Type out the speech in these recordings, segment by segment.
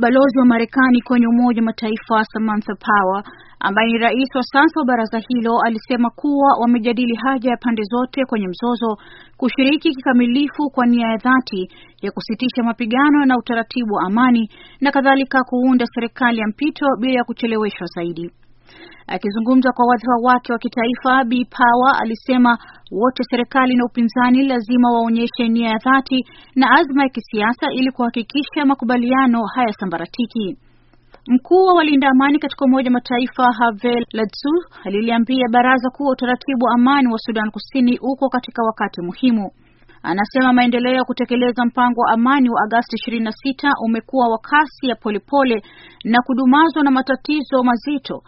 Balozi wa Marekani kwenye Umoja wa Mataifa Samantha Power ambaye ni rais wa sasa wa baraza hilo alisema kuwa wamejadili haja ya pande zote kwenye mzozo kushiriki kikamilifu kwa nia ya dhati ya kusitisha mapigano na utaratibu wa amani na kadhalika kuunda serikali ya mpito bila ya kucheleweshwa zaidi. Akizungumza kwa wadhifa wake wa kitaifa, Bi Power alisema wote serikali na upinzani lazima waonyeshe nia ya dhati na azma ya kisiasa ili kuhakikisha makubaliano hayasambaratiki. Mkuu wa walinda amani katika Umoja Mataifa Havel Latsu aliliambia baraza kuwa utaratibu wa amani wa Sudan Kusini uko katika wakati muhimu. Anasema maendeleo ya kutekeleza mpango wa amani wa Agasti 26 umekuwa wa kasi ya polepole na kudumazwa na matatizo mazito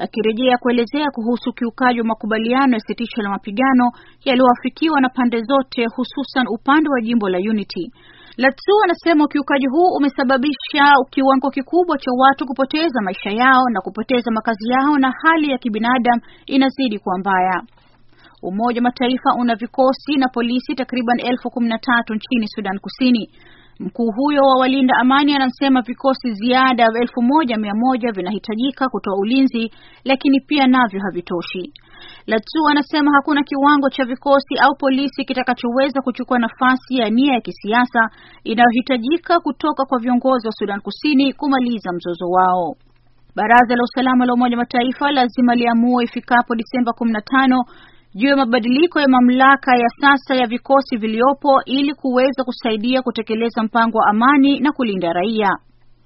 akirejea kuelezea kuhusu ukiukaji wa makubaliano ya sitisho la mapigano yaliyoafikiwa na pande zote hususan upande wa jimbo la Unity. Latsu anasema ukiukaji huu umesababisha kiwango kikubwa cha watu kupoteza maisha yao na kupoteza makazi yao na hali ya kibinadamu inazidi kuwa mbaya. Umoja wa Mataifa una vikosi na polisi takriban elfu kumi na tatu nchini Sudan Kusini. Mkuu huyo wa walinda amani anasema vikosi ziada elfu moja mia moja vinahitajika kutoa ulinzi, lakini pia navyo havitoshi. Latu anasema hakuna kiwango cha vikosi au polisi kitakachoweza kuchukua nafasi ya nia ya kisiasa inayohitajika kutoka kwa viongozi wa Sudan Kusini kumaliza mzozo wao. Baraza la Usalama la Umoja Mataifa lazima liamue ifikapo Disemba 15 juu ya mabadiliko ya mamlaka ya sasa ya vikosi viliopo ili kuweza kusaidia kutekeleza mpango wa amani na kulinda raia.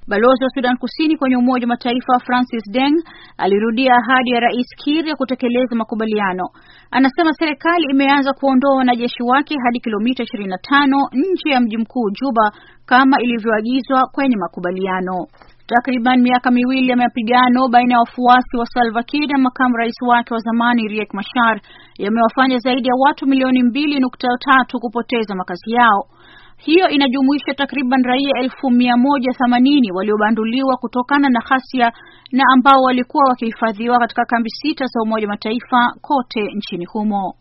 Balozi wa Sudan Kusini kwenye Umoja wa Mataifa Francis Deng alirudia ahadi ya Rais Kiir ya kutekeleza makubaliano. Anasema serikali imeanza kuondoa wanajeshi wake hadi kilomita 25 nje ya mji mkuu Juba kama ilivyoagizwa kwenye makubaliano. Takriban miaka miwili ya mapigano baina ya wafuasi wa Salva Kiir na makamu rais wake wa zamani Riek Machar yamewafanya zaidi ya watu milioni mbili nukta tatu kupoteza makazi yao. Hiyo inajumuisha takriban raia elfu mia moja themanini waliobanduliwa kutokana na ghasia na ambao walikuwa wakihifadhiwa katika kambi sita za Umoja Mataifa kote nchini humo.